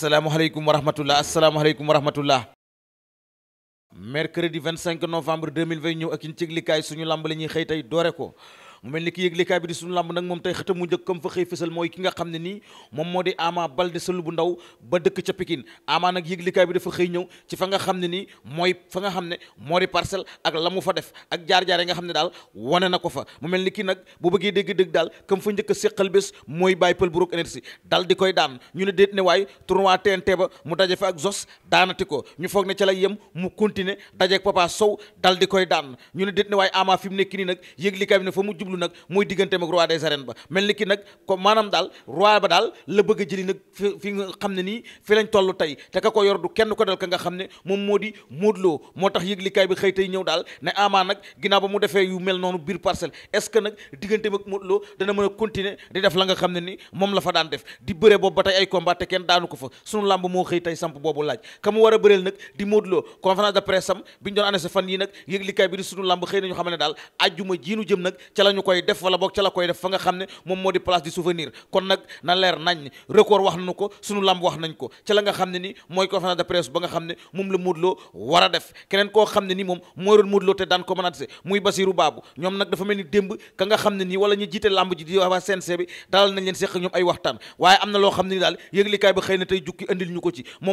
asalaamaaleykum wa rahmatullah asalaamaaleykum wa rahmatullah mercredi 25 novembre 2020 ñëw ak yéen ci yëglikaay suñu lamb la ñuy xëy tey doore ko mu mel ni ki yëglekaay bi di suñu làmb nag moom tey xëtam mu njëkk comme fa xëy fësal mooy ki nga xam ne nii moom moo di Ama Baldé sëlu bu ndaw ba dëkk ca Pikine Ama nag yëglekaay bi dafa xëy ñëw ci fa nga xam ne nii mooy fa nga xam ne moo di parcelle ak la mu fa def ak jaar-jaar yi nga xam ne daal wane na ko fa mu mel ni kii nag bu bëggee dégg-dégg daal comme fa njëkk a séqal bés mooy bàyyi pël bu roog dal di koy daan ñu ne déet ne waay tournoi TNT ba mu daje fa ak zos daanati ko ñu foog ne ca lay yem mu continuer dajeek Papa Sow dal di koy daan ñu ne déet ne waay nekk nii nag jublu nag mooy digganteem ak roi des arènes ba mel ni ki nag ko maanaam daal roi ba daal la bëgg a jëli nag fi fi nga xam ne nii fi lañ toll tey te ka ko yor kenn ko dal ka nga xam ne moom moo di Modou moo tax yëglikaay bi di def la nga xam moom la làmb xëy a bëreel nag di Modou Lo conférence de presse am bi ñu doon nañu xam ne daal ajjuma jiinu jëm nag ca lañu ñu koy def wala boog ca la koy def fa nga xam ne moom moo di place du souvenir kon nag na leer nañ record wax nañu ko sunu lamb wax nañ ko ca la nga xam ne a nii moom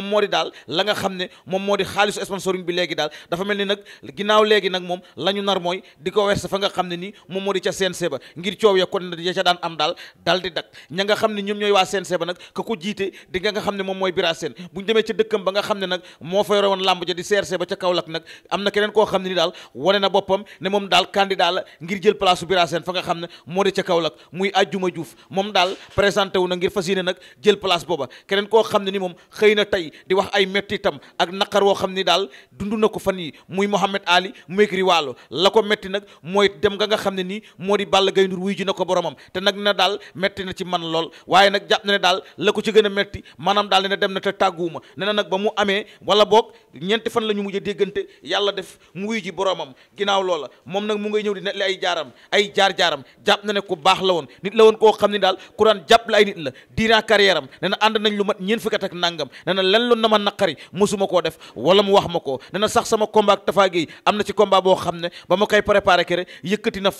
moo di daal la nga xam ne moom moo di xaalisu sponsoring bi léegi daal dafa mel ni nag ginnaaw léegi nag moom la nar mooy di ko werse fa nga xam ne nii moom moo di ca CNG ba ngir coow ya kon ya ca daan am daal dal di dak ña nga xam ne ñoom ñooy waa CNG ba nag ka ko jiite di nga nga xam ne moom mooy Bira Sène bu ñu ca dëkkam ba nga xam ne nag moo di ca Kaolack nag na keneen koo xam ne ni daal wane na boppam ne moom daal candidat la ngir jël place su muy Ajjuma Diouf moom daal présenté wu ngir fas nag jël place booba keneen koo xam ne ni moom xëy na tey di wax ay mettitam ak naqar woo xam ni daal dund na ko fan yi muy Mohamed Ali muy Waalo la ko metti nag mooy moo di Balla Gaye Ndour wuy ji na ko boromam te nag na daal metti na ci man lool waaye nag jàpp na ne daal la ko ci gën a metti maanaam daal ne na dem na te tàgguwuma ne na nag ba mu amee wala boog ñeenti fan la ñu mujj déggante yàlla def mu wuy ji boromam ginnaaw loola moom nag mu ngay ñëw di nettali ay jaaram ay jaar-jaaram jàpp na ko baax la woon nit la woon koo xam ne daal ku daan jàppale ay nit la diinaa carrière am ne na ànd nañ lu mat ñeen fukki at ak nangam ne na len loon na ma naqari mosuma koo def wala mu wax ma ko ne na sax sama combat ak am na ci combat boo xam ne ba ma koy préparé kere yëkkati na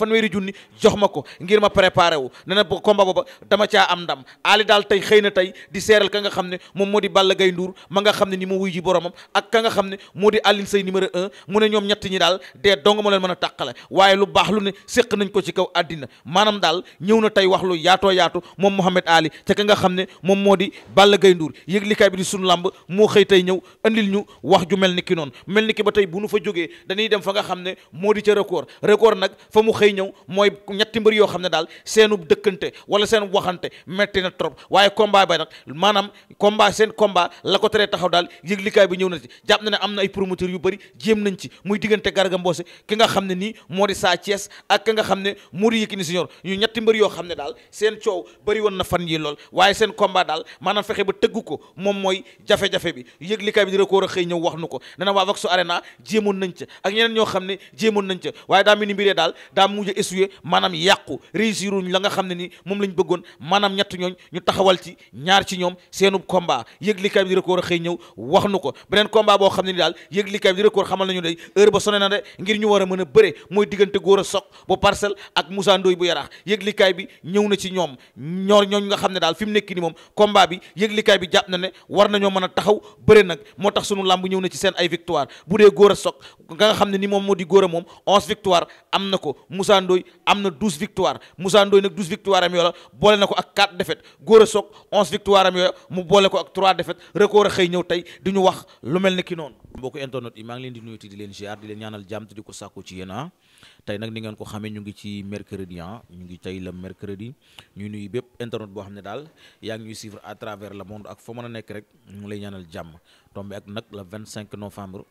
jox ma ko ngir ma préparé wu ne na combat booba dama caa am ndam aali daal tey xëy na tey di seeral ka nga xam ne moom moo di Balla Gaye Ndour ma nga xam ne ni mu wuy ji boromam ak ka nga xam ne moo di Alioune Seye numéro un mu ne ñoom daal dee dong ma leen mën a tàqale waaye lu baax lu ne séq nañ ko ci kaw àddina maanaam daal ñëw na tey wax lu yaatoo yaatu moom Mouhamed Ali te ka nga xam ne moom moo di Balla Gaye Ndour yëg likaay bi di sunu làmb moo xëy tey ñëw andil ñu wax ju mel ni ki noonu mel ni ki ba tey bu nu fa jógee dañuy dem fa nga xam ne moo di ca record record nag fa mu xëy ñëw mooy mooy ñetti mbër yoo xam ne daal seenu dëkkante wala seen waxante metti na trop waaye combat ba maanaam combat seen combat la ko teree taxaw daal yëglikaay bi ñëw na na ne am na ay yu bëri jéem nañ ci muy diggante Garga Mbossé ki nga xam ne moo di Sa xam ne moo di Yékini Senior ñu ñetti yoo xam ne daal seen coow bëri woon na fan yi lool waaye seen combat daal maanaam fexe ba tëgg ko moom mooy jafe-jafe bi yëglikaay bi di record a xëy ñëw wax nu ko ne na waa Vox Arena jéemoon nañ ca ak ñeneen ne jéemoon nañ ca waaye daa mel mbiree daal daa mujj essuyer jóge maanaam yàqu réussiruñ la nga xam ne ni moom lañ bëggoon maanaam ñett ñooñ ñu taxawal ci ñaar ci ñoom seenu combat yëglikaay bi di record xëy ñëw wax nu ko beneen combat boo xam ne daal yëglikaay bi di record xamal nañu day heure ba sone na de ngir ñu war a mën a bëre mooy diggante góor a soq bu parcelle ak Moussa Ndoye bu yaraax yëglikaay bi ñëw na ci ñoom ñoo ñooñ nga xam ne daal fi mu nekk ni moom combat bi yëglikaay bi jàpp na ne war nañoo mën a taxaw bëre nag moo tax sunu làmb ñëw na ci seen ay victoire bu dee góor a soq nga xam ne ni moom moo di góor a moom onze victoire am na ko Moussa Ndoye am na douze victoire Moussa Ndoye nag douze victoire am yoola boole na ko ak quatre défaites Gora Sock onze victoire am yoola mu boole ko ak trois défaites record a xëy ñëw tey di ñu wax lu mel ni ki noonu mbokk internet yi maa ngi leen di nuyu di leen ziar di leen ñaanal jàmm ko sàkku ci yéen ah. tey nag ni ngeen ko xamee ñu ngi ci mercredi ah ñu ngi tey la mercredi ñu nuyu bépp internet boo xam ne daal yaa ngi ñuy à travers le monde ak foo mën a nekk rek ñu ngi lay ñaanal jàmm tombé ak nag le 25 novembre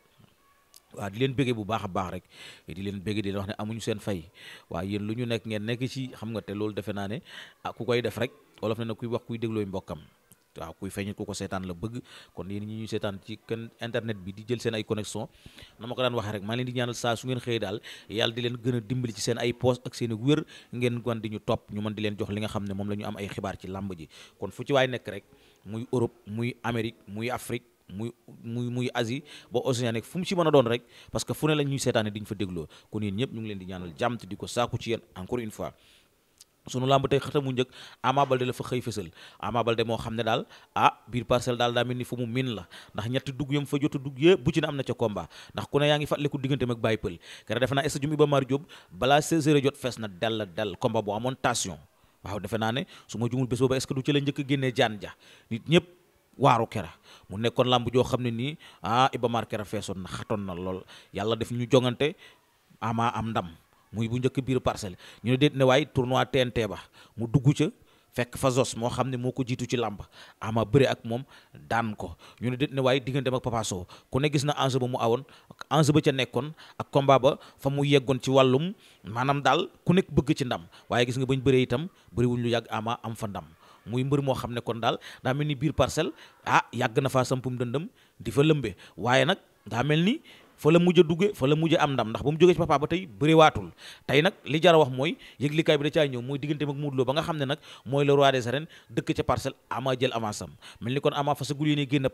waaw di leen bëggee bu baax a baax rek di leen bëggee di leen wax ne amuñu seen fay waaw yéen lu ñu nekk ngeen nekk ci xam nga te loolu defe naa ne ah, ku koy def rek wolof ne na kuy wax kuy déglooy mbokkam waaw kuy feeñit ku ko seetaan la bëgg kon yéen ñi ñu seetaan ci kenn internet bi di jël seen ay connexion na ma ko daan wax rek maa leen di ñaanal saa su ngeen xëyee daal yàlla di leen gën a dimbali ci seen ay poos ak seen i wér ngeen wan di ñu topp ñu mën di leen jox li xam ne moom la ñu am ay xibaar ci làmb ji kon fu ci waay nekk rek muy Europe muy Amérique muy Afrique muy muy muy Asie ba Océanie nekk fu mu ci mën a doon rek parce que fu ne la ñuy seetaane di ñu fa dégloo kon yéen ñëpp ñu ngi leen di ñaanal jàmm te di ko saaku ci yéen encore une fois sunu làmb tey xëtamu njëkk Ama moo xam ne daal ah biir parcelle daal daa mel ni fu mu min la ndax ñetti dugg yam fa jota dugg yëpp bu ci ne am na ca combat ndax ku ne yaa ngi fàttaliku digganteem ak Baye Pël kere defe naa stade Iba Mar Diop balaa 16h jot fees na dell dell combat bu amoon tension waaw defe naa ne su ma jumul bés boobu est-ce que du ci la njëkk génnee jaan ja nit ñëpp waaru kera mu nekkoon làmb joo xam ne nii ah Iba Mar feesoon na xatoon na lool yàlla def ñu jongante ama am ndam muy bu njëkk biir parcelle ñoo ne déet ne waaye tournoi TNT ba mu dugg ca fekk fa Zos moo xam ne moo ko jiitu ci làmb ama bëre ak moom daan ko ñu ne déet ne waaye diggante ak Papa Sow ku ne gis na enjeu ba mu awoon enjeu ba ca nekkoon ak combat ba fa mu yeggoon ci wàllum maanaam daal ku nekk bëgg ci ndam waaye gis nga bañ bëree itam bëriwuñ lu yàgg ama am fa ndam muy mbër moo xam ne kon daal daa mel ni biir parcelle ah yàgg na faa sampum dëndëm di fa lëmbe waaye nag daa mel ni fa la mujj a dugge fa la mujj a am ndam ndax ba mu jógee ci papa ba tey bëriwaatul tey nag li jar a wax mooy kaay bi da caay ñëw mooy diggante mag Modou Lo nga xam ne nag mooy le roi des arènes dëkk ca parcelle ama jël avance am mel ni kon ama fasagul yéene génn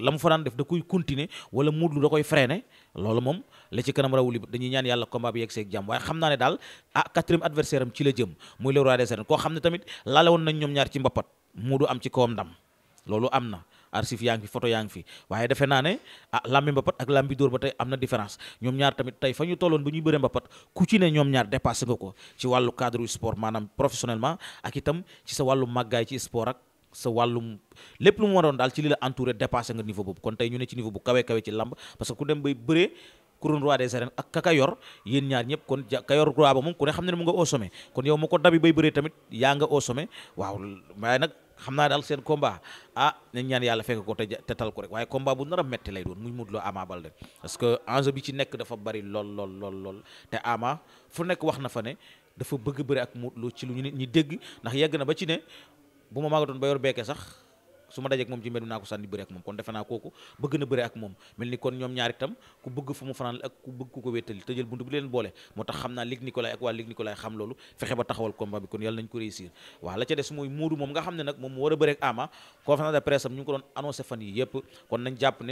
la mu fa daan def da koy continuer wala Modou Lo da koy freiner moom la ci kanam rawuli dañuy ñaan yàlla combat bi yegg seeg jàmm waaye xam daal ah quatrième adversaire am ci la jëm koo xam ne tamit laale woon nañ ñoom ñaar ci mbappat Modou am ci kawam ndam loolu am na archive yaa ngi fi photo yaa ngi fi waaye defe naa ne ah làmbi mbapat ak làmbi dóor ba tey am na différence ñoom ñaar tamit tey fa ñu tolloon bu ñuy bëree mbapat ku ci ne ñoom ñaar dépassé nga ko ci wàllu cadre sport maanaam professionnellement ak itam ci sa wàllu màggaay ci sport ak sa wàllum lépp lu mu waroon daal ci li la entouré dépassé nga niveau boobu kon tey ñu ne ci niveau bu kawe kawe ci làmb parce que ku dem bay bëree couronne roi ñëpp kon ja ka roi ba xam naa daal seen combat ah nañ ñaan yàlla fekk ko te te tal ko rek waaye komba bu nar a metti lay doon muy Modou Lo Ama Baldé parce que enjeu bi ci nekk dafa bari lool lool lool lool te Ama fu nekk wax na fa ne dafa bëgg bëri ak Modou Lo ci lu ñu nit ñi dégg ndax yegg na ba ci ne bu ma maa a doon ba yor bekke sax su ma dajeek moom ci mbedd mi naa ko sànni bëri ak moom kon defe naa kooku bëgg na bëri ak moom mel ni kon ñoom ñaar itam ku bëgg fu mu fanaan ak ku bëgg ku ko wéttali tëjal buntu bi leen boole moo tax xam naa Luc Nicolaï ak waa Luc Nicolaï xam loolu fexe ba taxawal combat bi kon yàlla nañ ko réussir waaw la ca des mooy Modou moom nga xam ne nag moom war a bëri ak Ama conférence de presse am ñu ngi ko doon annoncé fan yi yëpp kon nañ jàpp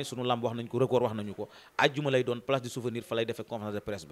de presse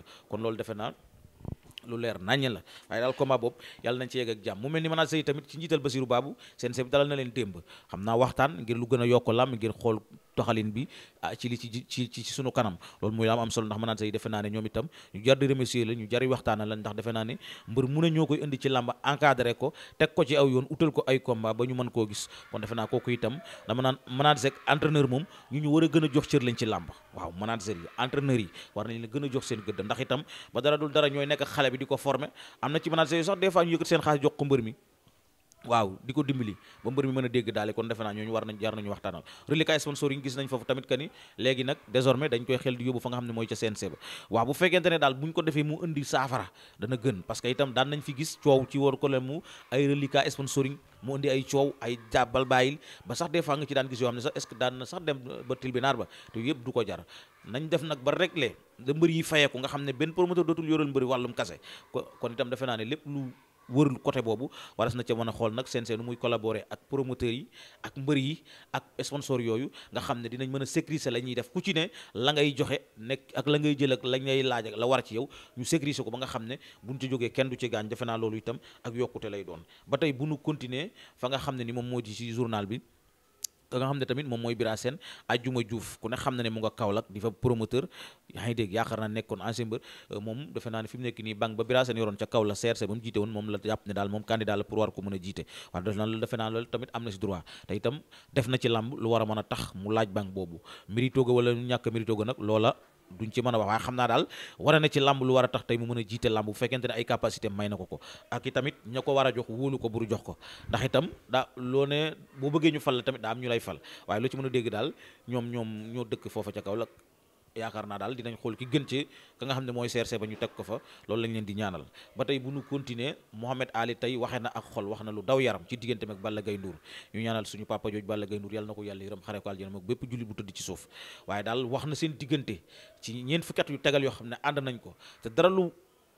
lu leer nàññee la waaye daal combat boobu yàlla nañ ci yegg ak jàmm mu mel ni manager yi tamit ci njiital Basiru Baabu seen bi dalal na leen démb xam naa waxtaan ngir lu gën a yokk làmb ngir xool doxalin bi ah, ci li ci ci ci sunu kanam loolu muy am am solo ndax mën naa say defe naa ne ñoom itam ñu jar di remercier la ñu jari waxtaana la ndax defe naa ne mbër mu ne ñoo koy indi ci làmba encadré ko teg ko ci aw yoon utal ko ay combat ba ñu mën koo gis kon defe naa kooku itam dama naan manager entraîneur moom ñu ñu war a a jox cër lañ ci làmb waaw manager yi entraîneur yi war nañ leen gën a jox seen gëdd ndax itam ba dara dul dara ñooy nekk xale bi di ko former am na seen xaalis jox ko mbër waaw di ko dimbali ba mbër mi mën a dégg daale kon defe naa ñooñu war nañ jar nañu waxtaanal reliquat sponsor yi gis nañ foofu tamit que ni léegi nag désormais dañ koy xel di yóbbu fa nga xam ne mooy ca CNC ba ko defee mu indi saafara dana gën parce itam daan nañ fi gis coow ci war ko ba sax des fois nga ci daan gis yoo xam na sax dem ba tribunal ba te yëpp du ko jar nañ def nag ba régler da mbër yi fayeeku nga xam ne benn promoteur dootul yoral mbëri wàllum kase kon itam defe naa ne lépp lu wërul côté boobu waras na ca mën a xool nag seen seenu muy collaborer ak promoteurs yi ak mbër yi ak sponsor yooyu nga xam ne dinañ mën a sécuriser la ñuy def ku ci ne la ngay joxe nekk ak la ngay jël ak la ngay laaj ak la war ci yow ñu sécuriser ko ba nga xam ne buñ ci jógee kenn du ci gaañ defe naa loolu itam ak yokkute lay doon ba tey bu nu continuer fa nga xam ne ni moom moo ji ci journal bi ka nga xam ne tamit moom mooy Bira Sène Ajuma ku ne xam na ne mu nga Kaolack di fa promoteur yaa ngi dégg yaakaar naa nekkoon ancien mbër euh, moom defe naa ne fi mu nekk nii banque ba Bira Sène yoroon ca Kaolack CRC ba mu jiite woon moom la jàpp ne daal moom candidat pour war ko mën a jiite waaye defe naa loolu defe naa loolu tamit am na si droit te itam def na ci làmb lu war a mën a tax mu laaj banque boobu mérito ga wala ñàkk mérito ga nag loola duñ ci mën a wax waaye xam naa daal war na ci làmb lu war a tax tey mu mën a jiite làmb bu fekkente ne ay capacité may na ko ko ak i tamit ña ko war a jox wóolu ko buru jox ko ndax itam daa loo ne boo bëggee ñu fal la tamit daa am ñu lay fal waaye loo ci mën a dégg daal ñoom ñoom ñoo dëkk foofa ca kaw la yaakaar naa daal dinañ xool ki gën ci ka nga xam ne mooy CRC ba ñu teg ko fa loolu lañ leen di ñaanal ba tey bu ñu continuer Mohamed Ali tey waxee na ak xol wax na lu daw yaram ci diggante ak Balla Gaye Ndour ñu ñaanal suñu papa jooj Balla Gaye Ndour yàlla na ko yàlla yërëm xare ko aljana ak bépp jullit bu tëdd ci suuf waaye daal wax na seen diggante ci ñeent fukki at yu tegal yoo xam ne ànd nañ ko te dara lu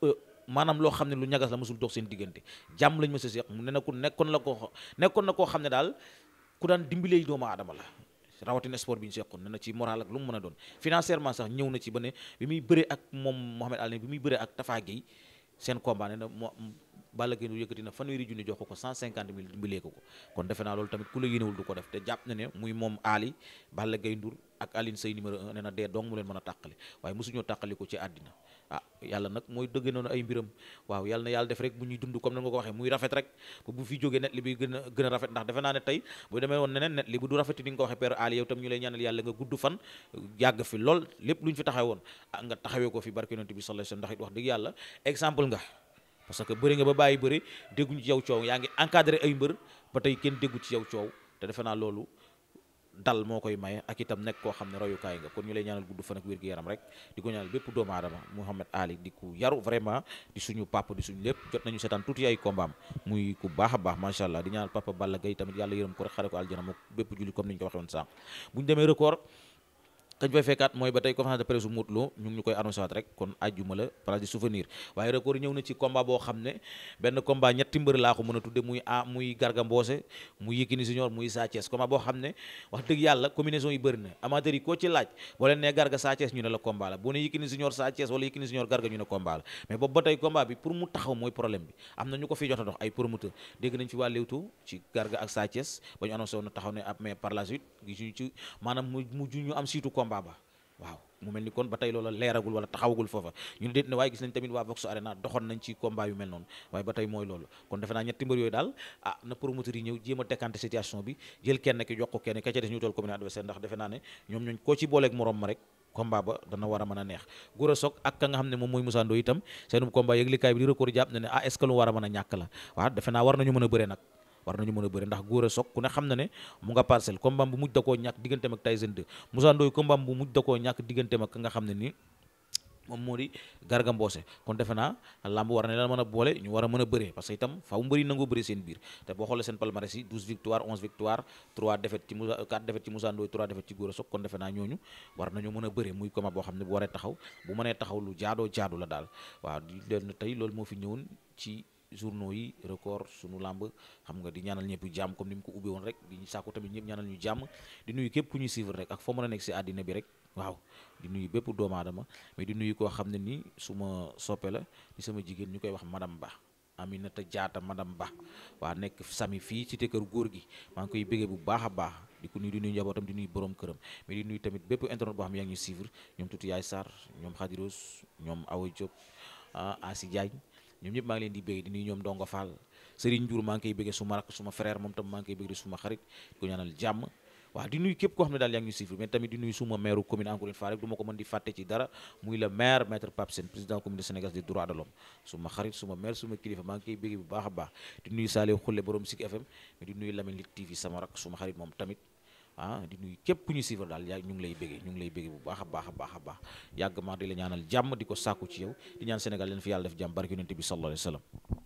euh, maanaam loo xam ne lu ñagas la mosul dox seen diggante jàmm lañ ma sa seeq mu ne na ku nekkoon nekkoon na koo xam ne daal ku daan dimbileey doomu aadama la rawatina sport bi ñu seqoon na ci moral ak lu mu mën a doon financièrement sax ñëw na ci ba ne bi muy bëree ak moom Mohamed Ali bi muy bëree ak tafaa Gueye seen combat ne na moo Balla Gaye yëkkati na fanweeri junni jox ko ko cinquante mille dimbalee ko ko kon defe naa loolu tamit ku la yéenewul du ko def te jàpp na ne muy moom Ali Balla Gaye ak Alioune Seye numéro 1 dee dong mu leen mën a tàqale waaye mosuñoo tàqali ko ci àddina ah yàlla nag mooy dëgg noonu ay mbiram waaw yàlla na yàlla def rek bu ñuy dund comme nan nga ko waxee muy rafet rek ba bu fi jógee net bi gën a rafet ndax defe naa ne tey bu demee woon neneen net li bu du rafeti ni nga ko waxee père Ali yow tam ñu lay ñaanal yàlla nga gudd fan yàgg fi lool lépp lu ñu fi taxawe woon ah nga taxawee ko fi barke yonent bi sallallahu alayhi wasallam ndax que bëri nga ba bàyyi bëri dégguñu ci yow coow yaa ngi encadré ay mbër ba tey kenn déggu ci yow coow te naa loolu dal moo koy maye ak itam nekk koo xam ne royukaay nga kon ñu lay ñaanal gudd fan ak wér gu yaram rek di ko ñaanal bépp doomu aadama Mouhamed Ali di ku yaru vraiment di suñu papa di suñu lépp jot nañu seetaan tuuti ay kombaam muy ku baax a baax macha allah di ñaanal papa Balla Gaye tamit yàlla yërëm ko rek xare ko aljana moom bépp julli comme ni ñu ko waxee woon bu ñu demee record kañ fay fekkaat mooy ba tey conférence de presse bu Modou Lo ñu ngi ñu koy annoncé waat rek kon àjjuma la place du souvenir waaye record ñëw na ci combat boo xam ne benn combat ñetti mbër laa ko mën a tudde muy a muy Garga Mbossé muy Yékini Junior muy Sa Thiès combat boo xam ne wax dëgg yàlla combinaison yi bëri na amateurs yi koo ci laaj boo leen nee Garga Sa Thiès ñu ne la combat la boo ne Yékini Junior Sa Thiès wala Yékini Junior Garga ñu ne combat la mais boobu ba tey combat bi pour mu taxaw mooy problème bi am na ñu ko fi jot a dox ay promoteur dégg nañ fi waa Leewtoo ci Garga ak Sa Thiès ba ñu annoncé woon na taxaw ne mais par la suite gisuñu ci maanaam mu mujj ñu am siitu combat combat waaw mu mel ni kon ba tey loola leeragul wala taxawagul foofa ñun déet ne waaye gis nañ tamit waa Vox Arena doxoon nañ ci combat yu mel noonu waaye ba tey mooy loolu kon defe naa ah, ne ñoom ñooñ koo ci booleeg morom ma rek combat ba dana war mën a neex Gora Sock ak ka nga xam ne moom mooy Moussa itam seenum combat yëglikaay bi di record jàpp na ne ah est ce mën a ñàkk la waaw defe naa war nañu mën a bëre nag war nañu mën a bëri ndax góor a soog ku ne xam na ne mu nga parcelle combat bu mujj da koo ñàkk digganteem ak Tyson 2 Moussa Ndoye combat bu mujj da koo ñàkk digganteem ak nga xam ne ni moom moo di Garga Mbossé defe naa na a boole ñu war a mën a bëree parce que itam faaw mbëri nangoo bëree seen biir te boo xoolee seen palmarès yi 12 victoires 11 victoires 3 défaites ci Moussa 4 Sock kon defe naa ñooñu war nañoo mën a bëree muy combat boo xam ne bu waree taxaw bu mënee taxaw lu jaadoo jaadu la daal waaw di leen tey loolu moo fi ñëwoon ci journaux yi record sunu làmb xam nga di ñaanal ñëpp jàmm comme ni mu ko ubbe woon rek di sàkku tamit ñëpp ñaanal ñu jàmm di nuyu képp ku ñuy suivre rek ak foo mën a nekk si àddina bi rek waaw di nuyu bépp doomu aadama mais di nuyu koo xam ne ni suma soppe la di sama jigéen ñu koy wax madame Ba Aminata jaata madam Ba waa nekk sami fii ci te kër góor gi maa ngi koy béggee bu baax a baax di ko nuyu di nuyu njabootam di nuyu borom këram mais di nuyu tamit bépp internet boo xam ne yaa ngi ñu suivre ñoom tuuti yaay Sarr ñoom Khadiros ñoom Awa Diop ah Asi Diagne ñoom ñëpp maa ngi leen di bëgg di nuyu ñoom Ndongo Fall Serigne Ndiour maa ngi koy bëggee suma rak suma frère moom tam maa ngi koy bëgg suma xarit jàmm waaw di nuyu képp koo xam ne daal yaa ngi ñu suivre mais tamit di nuyu suma maire commune encore du ma ko mën di fàtte ci dara muy le maire maître Pape Sène président commune de Sénégal des droits de l'homme suma xarit suma maire suma kilifa maa ngi koy bëgg bu baax a baax di nuyu Saliou Khoule borom Sik FM mais di nuyu Lamine Lit TV sama rak suma xarit moom tamit ah di nuyu képp ku ñu suivre daal yaa ñu ngi lay béggee ñu ngi lay béggee bu baax a baax a baax a baax yàgg ma di la ñaanal jàmm di ko sàkku ci yow di ñaan Sénégal leen fi yàlla def jàmm barke yonent bi sallallahu alayhi